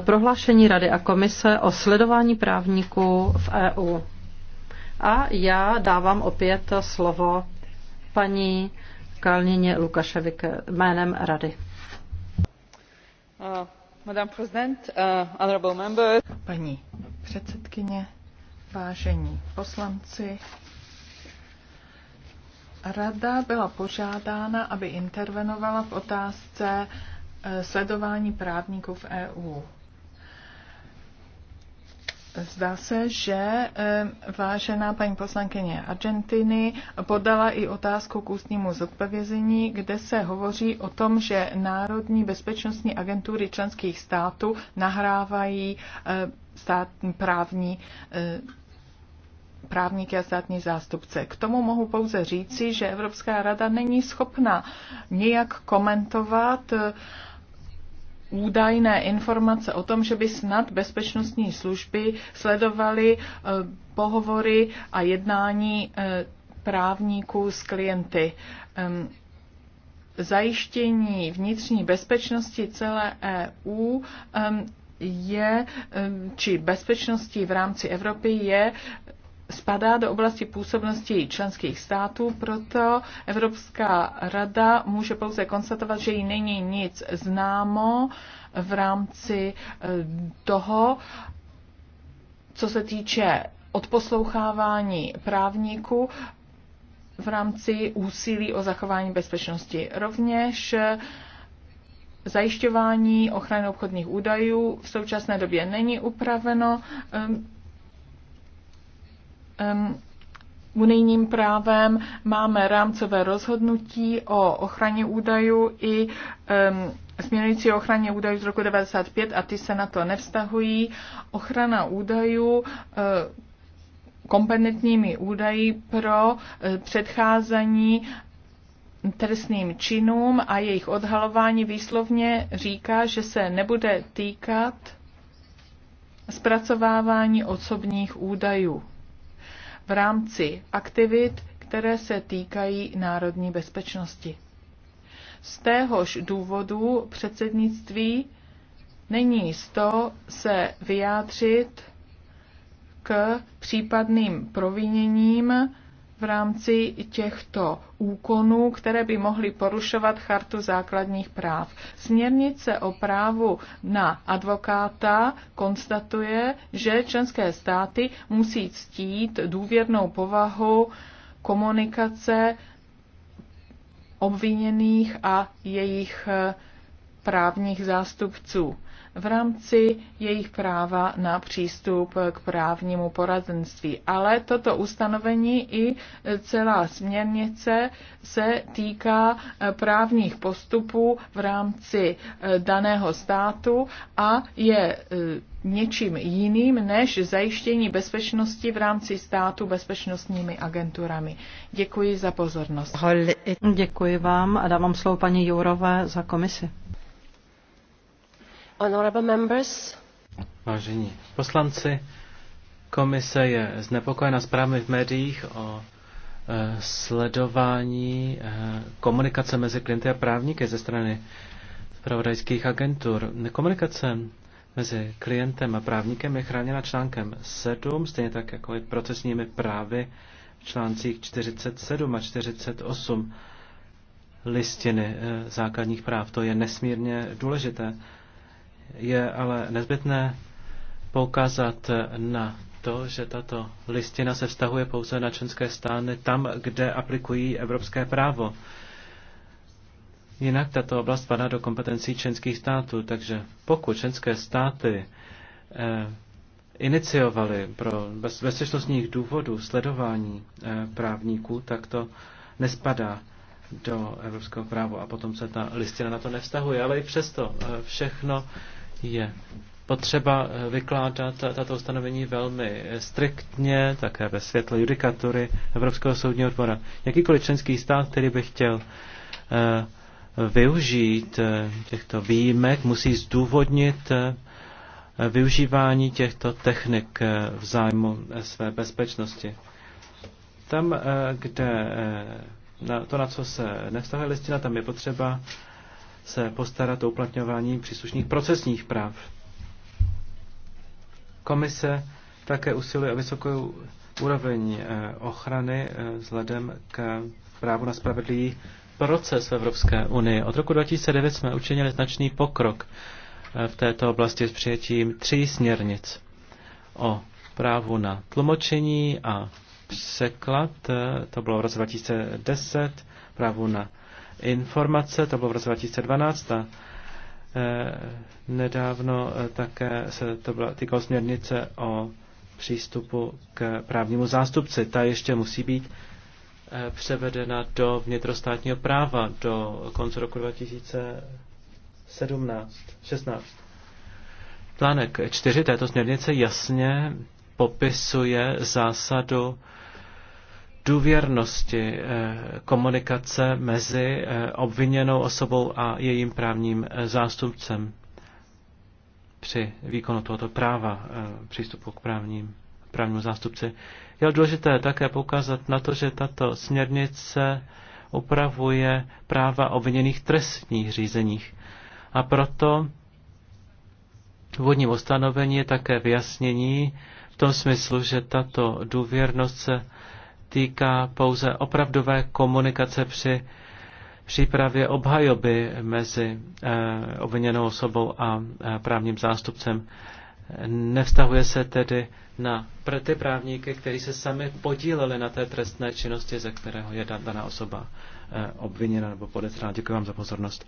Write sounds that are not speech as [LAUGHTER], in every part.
prohlášení Rady a Komise o sledování právníků v EU. A já dávám opět slovo paní Kalnině Lukaševik jménem Rady. Uh, uh, paní předsedkyně, vážení poslanci, Rada byla požádána, aby intervenovala v otázce eh, sledování právníků v EU. Zdá se, že eh, vážená paní poslankyně Argentiny podala i otázku k ústnímu zodpovězení, kde se hovoří o tom, že národní bezpečnostní agentury členských států nahrávají eh, stát, právní eh, právníky a státní zástupce. K tomu mohu pouze říci, že Evropská rada není schopna nějak komentovat údajné informace o tom, že by snad bezpečnostní služby sledovaly eh, pohovory a jednání eh, právníků s klienty. Ehm, zajištění vnitřní bezpečnosti celé EU ehm, je, ehm, či bezpečnosti v rámci Evropy je spadá do oblasti působnosti členských států, proto Evropská rada může pouze konstatovat, že jí není nic známo v rámci e, toho, co se týče odposlouchávání právníků v rámci úsilí o zachování bezpečnosti. Rovněž e, zajišťování ochrany obchodních údajů v současné době není upraveno um, unijním právem, máme rámcové rozhodnutí o ochraně údajů i um, směrnici o ochraně údajů z roku 95 a ty se na to nevztahují. Ochrana údajů uh, kompetentními údaji pro eh, předcházení trestným činům a jejich odhalování výslovně říká, že se nebude týkat zpracovávání osobních údajů v rámci aktivit, které se týkají národní bezpečnosti. Z téhož důvodu předsednictví není to se vyjádřit k případným proviněním v rámci těchto úkonů, které by mohly porušovat chartu základních práv. Směrnice o právu na advokáta konstatuje, že členské státy musí ctít důvěrnou povahu komunikace obviněných a jejich eh, právních zástupců v rámci jejich práva na přístup k právnímu poradenství. Ale toto ustanovení i celá směrnice se týká eh, právních postupů v rámci eh, daného státu a je eh, něčím jiným než zajištění bezpečnosti v rámci státu bezpečnostními agenturami. Děkuji za pozornost. Děkuji vám a dávám slovo paní Jourové za komisi. Vážení poslanci, komise je znepokojena zprávami v médiích o e, sledování e, komunikace mezi klienty a právníky ze strany zpravodajských agentur. Komunikace mezi klientem a právníkem je chráněna článkem 7, stejně tak jako i procesními právy v článcích 47 a 48 listiny eh, základních práv. To je nesmírně důležité. Je ale nezbytné poukázat na to, že tato listina se vztahuje pouze na členské stány tam, kde aplikují evropské právo. Jinak tato oblast padá do kompetencí členských států, takže pokud členské státy eh, iniciovaly pro bez, bezpečnostních důvodů sledování eh, právníků, tak to nespadá do evropského práva a potom se ta listina na to nevztahuje. Ale i přesto eh, všechno eh, je potřeba eh, vykládat tato ustanovení velmi eh, striktně, také ve světle judikatury Evropského soudního dvora. Jakýkoliv členský stát, který by chtěl eh, využít těchto výjimek, musí zdůvodnit využívání těchto technik v zájmu své bezpečnosti. Tam, kde to, na co se nevztahuje listina, tam je potřeba se postarat o uplatňování příslušných procesních práv. Komise také usiluje o vysokou úroveň eh, ochrany eh, vzhledem k právu na spravedlivý proces v Evropské unii. Od roku 2009 jsme učinili značný pokrok eh, v této oblasti s přijetím tří směrnic o právu na tlumočení a překlad, to bylo v roce 2010, právu na informace, to bylo v roce 2012 a e, nedávno e, také se to bylo týkalo směrnice o přístupu k právnímu zástupci. Ta ještě musí být e, převedena do vnitrostátního práva do konce roku 2017, 16. Plánek 4 této směrnice jasně popisuje zásadu důvěrnosti eh, komunikace mezi eh, obviněnou osobou a jejím právním eh, zástupcem při výkonu tohoto práva přístupu k právním, právnímu zástupci. Je důležité také poukázat na to, že tato směrnice upravuje práva obviněných trestních řízeních. A proto v ustanovení je také vyjasnění v tom smyslu, že tato důvěrnost se týká pouze opravdové komunikace při přípravě obhajoby mezi eh, obviněnou osobou a eh, právním zástupcem. Nevztahuje se tedy na ty právníky, kteří se sami podíleli na té trestné činnosti, ze kterého je daná osoba eh, obviněna nebo podezřelá. Děkuji vám za pozornost.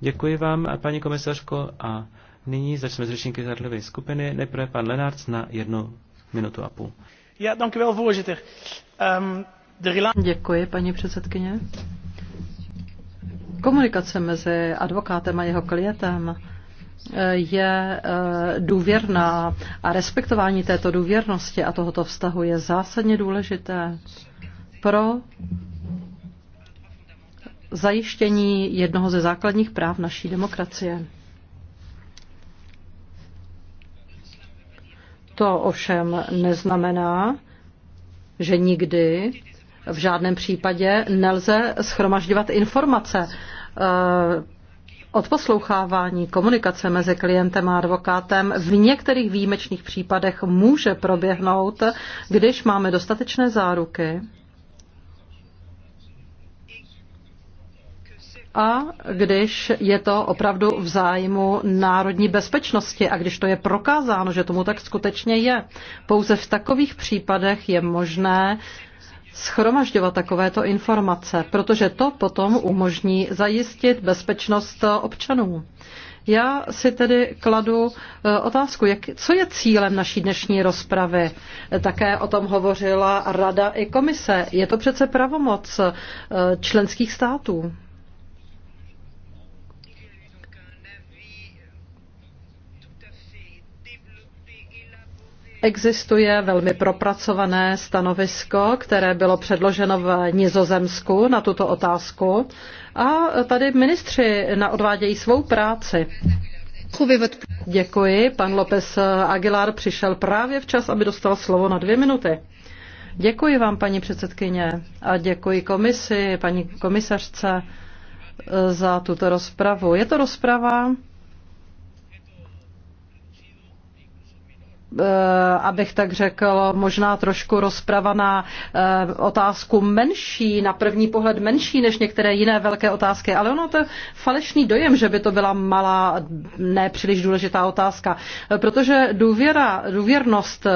Děkuji vám, paní komisařko, a nyní začneme s řečníky skupiny. Nejprve pan Lenárc na jednu minutu a půl. Ja, dank u wel, voorzitter. Um, Děkuji, paní předsedkyně. Komunikace mezi advokátem a jeho klientem eh, je eh, důvěrná a respektování této důvěrnosti a tohoto vztahu je zásadně důležité pro zajištění jednoho ze základních práv naší demokracie. To ovšem neznamená, že nikdy v žádném případě nelze schromažďovat informace eh, Odposlouchávání komunikace mezi klientem a advokátem v některých výjimečných případech může proběhnout, když máme dostatečné záruky a když je to opravdu v zájmu národní bezpečnosti a když to je prokázáno, že tomu tak skutečně je. Pouze v takových případech je možné schromažďovat takovéto informace, protože to potom umožní zajistit bezpečnost občanů. Já si tedy kladu eh, otázku, jak, co je cílem naší dnešní rozpravy. Také o tom hovořila Rada i komise. Je to přece pravomoc eh, členských států. Existuje velmi propracované stanovisko, které bylo předloženo v Nizozemsku na tuto otázku a tady ministři odvádějí svou práci. Děkuji, pan López Aguilar přišel právě včas, aby dostal slovo na dvě minuty. Děkuji vám, paní předsedkyně, a děkuji komisi, paní komisařce za tuto rozpravu. Je to rozprava, Eh, abych tak řekl, možná trošku rozprava na eh, otázku menší, na první pohled menší než některé jiné velké otázky, ale ono to falešný dojem, že by to byla malá, nepříliš důležitá otázka, eh, protože důvěra, důvěrnost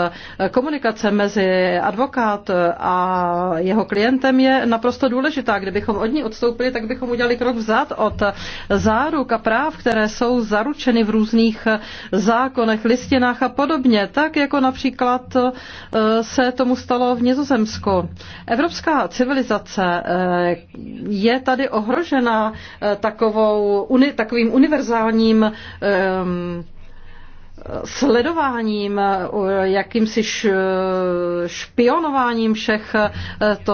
komunikace mezi advokát a jeho klientem je naprosto důležitá. Kdybychom od ní odstoupili, tak bychom udělali krok vzad od záruk a práv, které jsou zaručeny v různých zákonech, listinách a podobně tak jako například eh, se tomu stalo v Nizozemsku. Evropská civilizace eh, je tady ohrožena eh, takovou, takovým univerzálním sledováním, jakýmsi špionováním všech, e, to,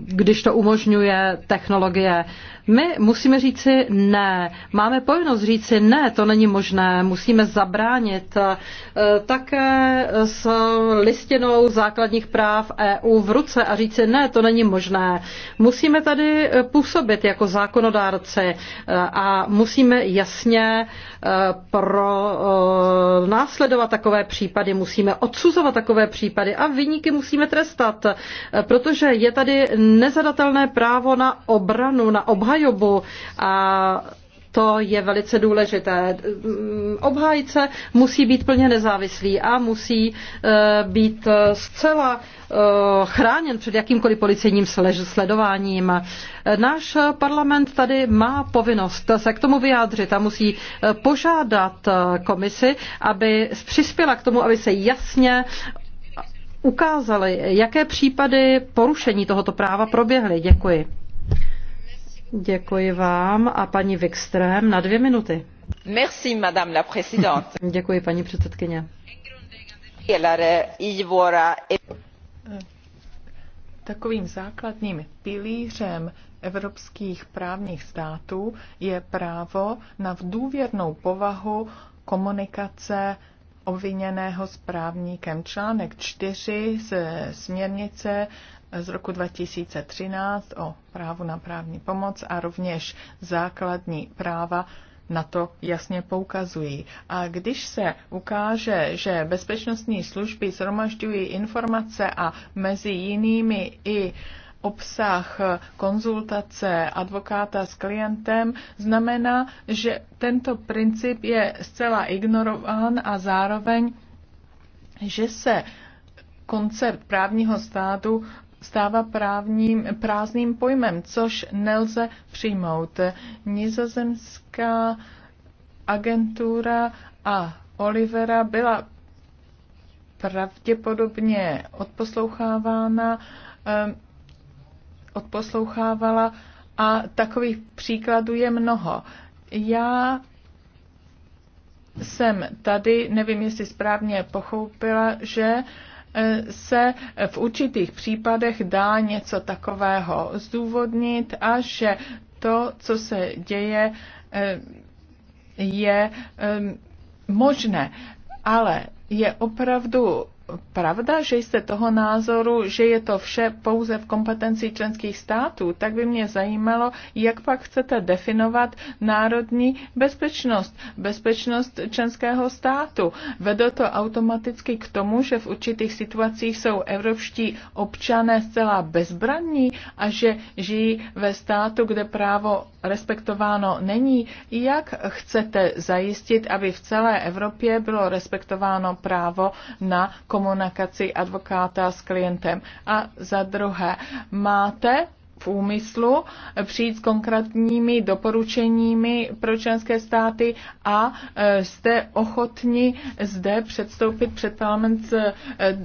když to umožňuje technologie. My musíme říci ne. Máme povinnost říci ne, to není možné. Musíme zabránit e, také s listinou základních práv EU v ruce a říci ne, to není možné. Musíme tady působit jako zákonodárci e, a musíme jasně pro následovat takové případy, musíme odsuzovat takové případy a vyníky musíme trestat, protože je tady nezadatelné právo na obranu, na obhajobu a to je velice důležité. Obhájce musí být plně nezávislý a musí eh, být eh, zcela eh, chráněn před jakýmkoliv policejním sledováním. Náš parlament tady má povinnost se k tomu vyjádřit a musí požádat komisi, aby přispěla k tomu, aby se jasně ukázaly, jaké případy porušení tohoto práva proběhly. Děkuji. Děkuji vám a paní Wikström na dvě minuty. Merci, madame la présidente. [LAUGHS] Děkuji, paní předsedkyně. Takovým základním pilířem evropských právních států je právo na důvěrnou povahu komunikace obviněného správníkem. Článek 4 z směrnice z roku 2013 o právu na právní pomoc a rovněž základní práva na to jasně poukazují. A když se ukáže, že bezpečnostní služby zhromažďují informace a mezi jinými i obsah konzultace advokáta s klientem, znamená, že tento princip je zcela ignorován a zároveň, že se koncept právního státu stává právním, prázdným pojmem, což nelze přijmout. Nizozemská agentura a Olivera byla pravděpodobně odposlouchávána, ehm, odposlouchávala a takových příkladů je mnoho. Já jsem tady, nevím, jestli správně pochopila, že uh, se v určitých případech dá něco takového zdůvodnit a že to, co se děje, eh, je eh, možné. Ale je opravdu pravda, že jste toho názoru, že je to vše pouze v kompetenci členských států, tak by mě zajímalo, jak pak chcete definovat národní bezpečnost, bezpečnost členského státu. Vedo to automaticky k tomu, že v určitých situacích jsou evropští občané zcela bezbranní a že žijí ve státu, kde právo respektováno není. Jak chcete zajistit, aby v celé Evropě bylo respektováno právo na komunikaci advokáta s klientem. A za druhé, máte v úmyslu přijít s konkrétními doporučeními pro členské státy a e, jste ochotni zde předstoupit před parlament s e,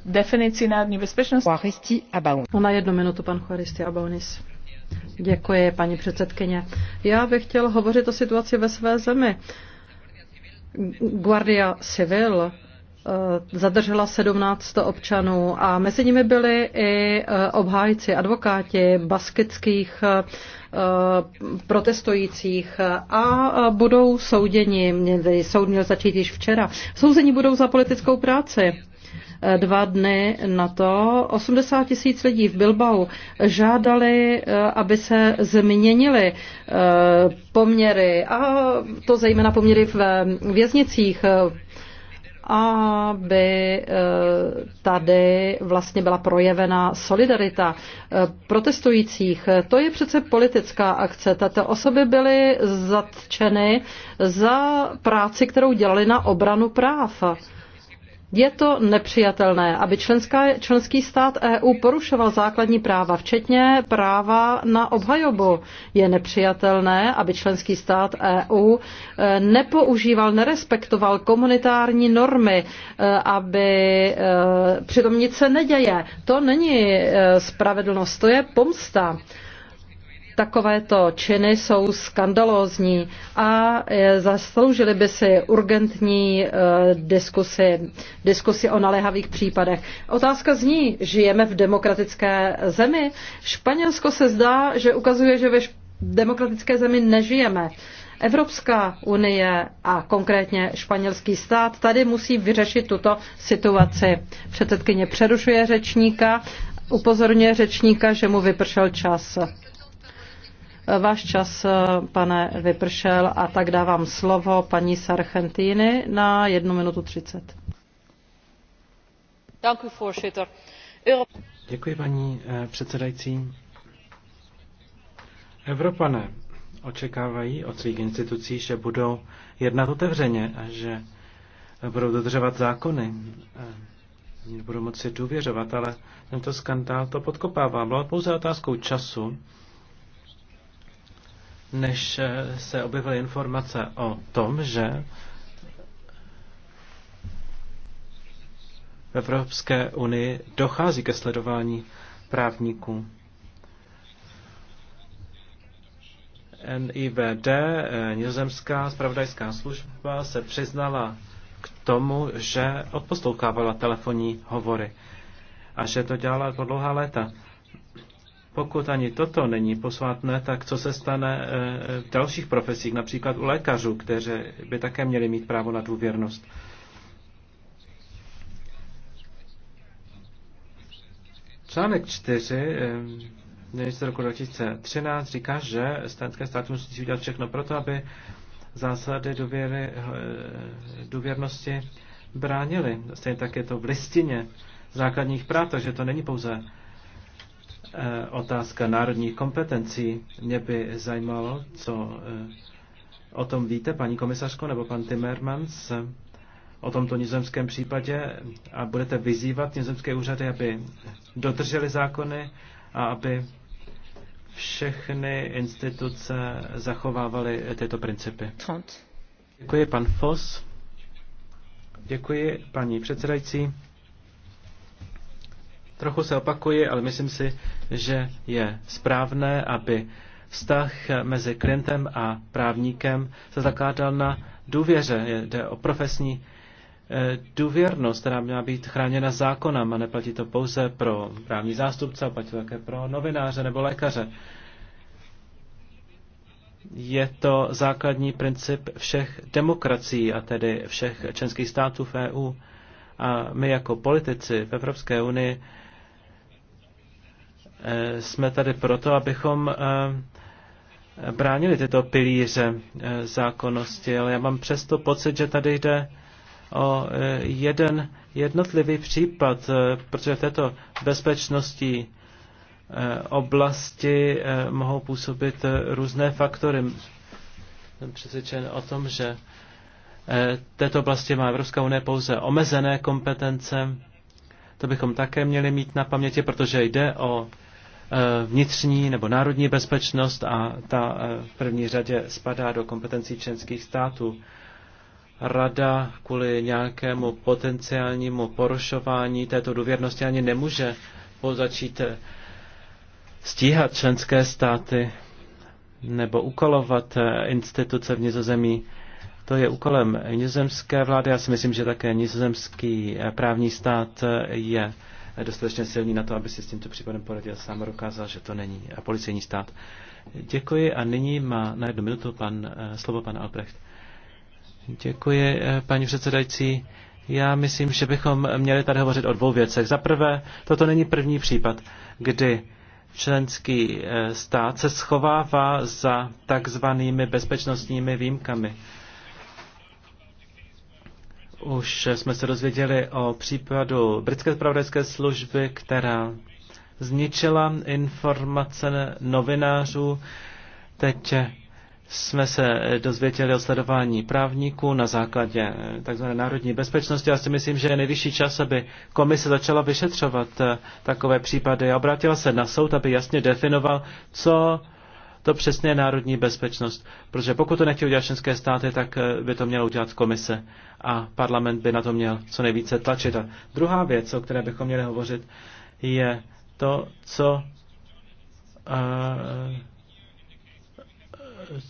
definicí národní bezpečnosti? No, na jednu minutu, pan Choristi Abaunis. Děkuji, paní předsedkyně. Já bych chtěl hovořit o situaci ve své zemi. Guardia Civil Eh, zadržela 17 občanů a mezi nimi byli i eh, obhájci, advokáti baskických eh, protestujících a budou souděni. Soud měl začít již včera. Souzení budou za politickou práci dva dny na to 80 tisíc lidí v Bilbao žádali, aby se změnily poměry, a to zejména poměry v věznicích, aby eh, tady vlastně byla projevena solidarita eh, protestujících. To je přece politická akce. Tato osoby byly zatčeny za práci, kterou dělali na obranu práv. Je to nepřijatelné, aby členská, členský stát EU porušoval základní práva, včetně práva na obhajobu. Je nepřijatelné, aby členský stát EU e, nepoužíval, nerespektoval komunitární normy, e, aby e, přitom nic se neděje. To není spravedlnost, to je pomsta. Takovéto činy jsou skandalózní a e, zasloužili by si urgentní e, diskusy, diskusy o naléhavých případech. Otázka zní, žijeme v demokratické zemi? Španělsko se zdá, že ukazuje, že ve demokratické zemi nežijeme. Evropská unie a konkrétně španělský stát tady musí vyřešit tuto situaci. Předsedkyně přerušuje řečníka, upozorňuje řečníka, že mu vypršel čas. Váš čas, eh, pane, vypršel a tak dávám slovo paní Sargentini na 1 minutu 30. Děkuji, paní eh, předsedající. Evropané očekávají od svých institucí, že budou jednat otevřeně a že budou dodržovat zákony. Eh, budou moci důvěřovat, ale tento skandál to podkopává. Byla pouze otázkou času, než eh, se objevily informace o tom, že v Evropské unii dochází ke sledování právníků. NIVD, eh, nizozemská spravodajská služba, se přiznala k tomu, že odposlouchávala telefonní hovory a že to dělala jako dlouhá léta. Pokud ani toto není posvátné, tak co se stane eh, eh, v dalších profesích, například u lékařů, kteří by také měli mít právo na důvěrnost? Článek 4 z eh, roku 2013 říká, že členské státy musí udělat všechno proto, aby zásady důvěry, důvěrnosti bránily. Stejně tak je to v listině základních práv, takže to není pouze Eh, otázka národních kompetencí. Mě by zajímalo, co eh, o tom víte, paní komisařko nebo pan Timmermans, eh, o tomto nizozemském případě a budete vyzývat nizozemské úřady, aby dodrželi zákony a aby všechny instituce zachovávaly tyto principy. Děkuji, pan Foss. Děkuji, paní předsedající. Trochu se opakuji, ale myslím si, že je správné, aby vztah mezi klientem a právníkem se zakládal na důvěře. Jde o profesní eh, důvěrnost, která měla být chráněna zákonem a neplatí to pouze pro právní zástupce, platí to také pro novináře nebo lékaře. Je to základní princip všech demokracií a tedy všech členských států v EU. A my jako politici v Evropské unii Eh, jsme tady proto, abychom eh, bránili tyto pilíře eh, zákonnosti, ale já mám přesto pocit, že tady jde o jeden jednotlivý případ, protože v této bezpečnosti oblasti mohou působit různé faktory. Jsem přesvědčen o tom, že v této oblasti má Evropská unie pouze omezené kompetence. To bychom také měli mít na paměti, protože jde o Eh, vnitřní nebo národní bezpečnost a ta eh, v první řadě spadá do kompetencí členských států. Rada kvůli nějakému potenciálnímu porušování této důvěrnosti ani nemůže začít eh, stíhat členské státy nebo ukolovat instituce v Nizozemí. To je úkolem nizozemské vlády. Já si myslím, že také nizozemský právní stát je dostatečně silní na to, aby si s tímto případem poradil sám a dokázal, že to není a policejní stát. Děkuji a nyní má na jednu minutu pan, eh, slovo pan Albrecht. Děkuji, eh, paní předsedající. Já myslím, že bychom měli tady hovořit o dvou věcech. Za prvé, toto není první případ, kdy členský eh, stát se schovává za takzvanými bezpečnostními výjimkami. Už jsme se dozvěděli o případu britské spravodajské služby, která zničila informace novinářů. Teď jsme se dozvěděli o sledování právníků na základě tzv. národní bezpečnosti. Já si myslím, že je nejvyšší čas, aby komise začala vyšetřovat takové případy a obrátila se na soud, aby jasně definoval, co to přesně je národní bezpečnost, protože pokud to nechtějí udělat členské státy, tak eh, by to mělo udělat komise a parlament by na to měl co nejvíce tlačit. A druhá věc, o které bychom měli hovořit, je to, co uh,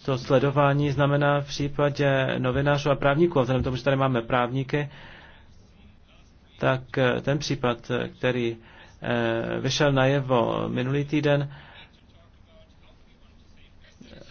to sledování znamená v případě novinářů a právníků, a vzhledem tomu, že tady máme právníky, tak eh, ten případ, který vyšel najevo minulý týden,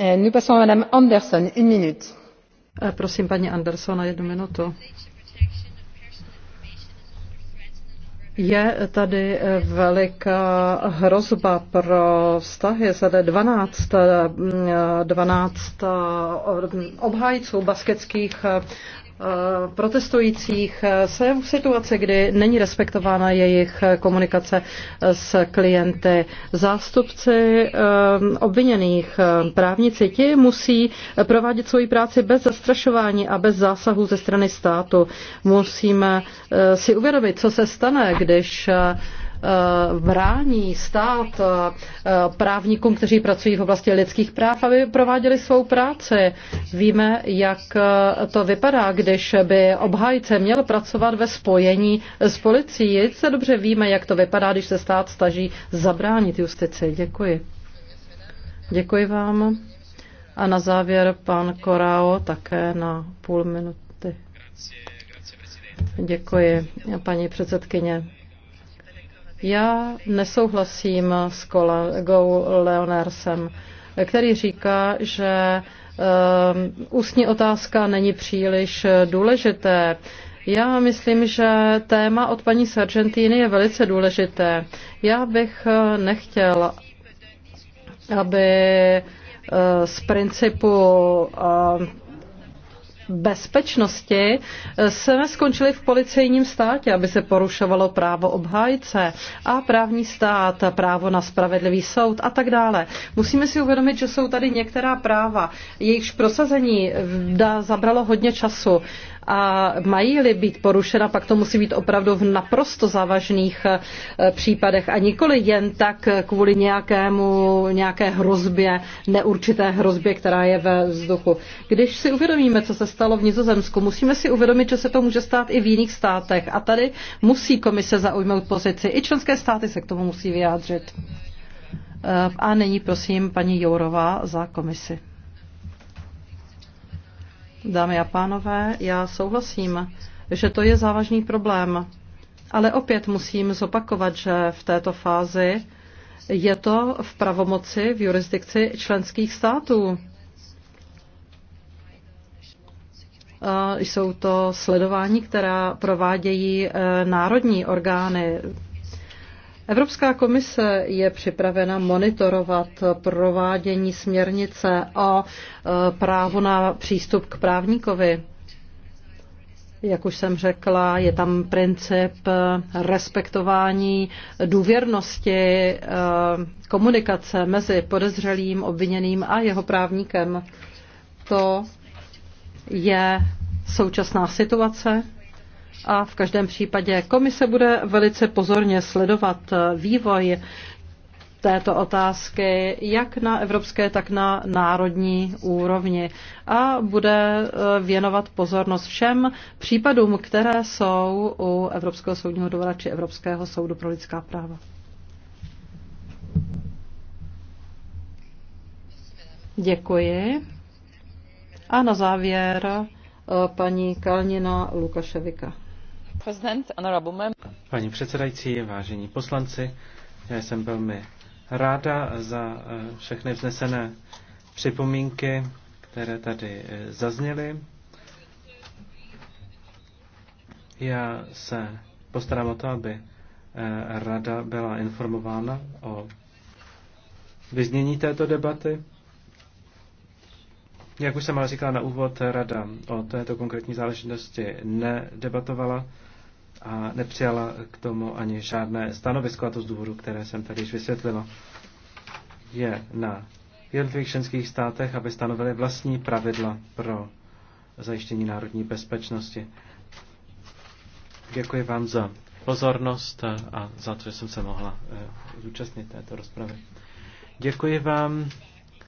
Eh, eh, paní Anderson, jednu minutu. Je tady eh, veliká hrozba pro vztahy. Zde 12, 12 obhájců basketských Eh, protestujících eh, se v situaci, kdy není respektována jejich eh, komunikace s klienty. Zástupci obviněných právníci ti musí provádět svoji práci bez zastrašování a bez zásahu ze strany státu. Musíme si uvědomit, co se stane, když Eh, brání stát eh, právníkům, kteří pracují v oblasti lidských práv, aby prováděli svou práci. Víme, jak eh, to vypadá, když by obhájce měl pracovat ve spojení s policií. Se dobře víme, jak to vypadá, když se stát staží zabránit justici. Děkuji. Děkuji vám. A na závěr pan Korao také na půl minuty. Děkuji, paní předsedkyně. Já nesouhlasím s kolegou Leonersem, který říká, že eh, ústní otázka není příliš důležité. Já myslím, že téma od paní Sargentiny je velice důležité. Já bych eh, nechtěl, aby eh, z principu bezpečnosti jsme eh, skončili v policejním státě, aby se porušovalo právo obhájce a právní stát, právo na spravedlivý soud a tak dále. Musíme si uvědomit, že jsou tady některá práva, jejichž prosazení zabralo hodně času a mají-li být porušena, pak to musí být opravdu v naprosto závažných eh, případech a nikoli jen tak kvůli nějakému, nějaké hrozbě, neurčité hrozbě, která je ve vzduchu. Když si uvědomíme, co se stalo v Nizozemsku, musíme si uvědomit, že se to může stát i v jiných státech a tady musí komise zaujmout pozici. I členské státy se k tomu musí vyjádřit. Eh, a nyní prosím paní Jourová za komisi. Dámy a pánové, já souhlasím, že to je závažný problém, ale opět musím zopakovat, že v této fázi je to v pravomoci v jurisdikci členských států. Jsou to sledování, která provádějí eh, národní orgány Evropská komise je připravena monitorovat provádění směrnice o e, právo na přístup k právníkovi. Jak už jsem řekla, je tam princip e, respektování důvěrnosti e, komunikace mezi podezřelým, obviněným a jeho právníkem. To je současná situace a v každém případě komise bude velice pozorně sledovat vývoj této otázky jak na evropské, tak na národní úrovni a bude eh, věnovat pozornost všem případům, které jsou u Evropského soudního dvora či Evropského soudu pro lidská práva. Děkuji. A na závěr eh, paní Kalnina Lukaševika. Paní předsedající, vážení poslanci, já jsem velmi ráda za eh, všechny vznesené připomínky, které tady eh, zazněly. Já se postarám o to, aby eh, rada byla informována o vyznění této debaty. Jak už jsem ale říkala na úvod, rada o této konkrétní záležitosti nedebatovala a nepřijala k tomu ani žádné stanovisko, a to z důvodu, které jsem tady již vysvětlila. Je na jednotlivých členských státech, aby stanovili vlastní pravidla pro zajištění národní bezpečnosti. Děkuji vám za pozornost a za to, že jsem se mohla eh, zúčastnit této rozpravy. Děkuji vám.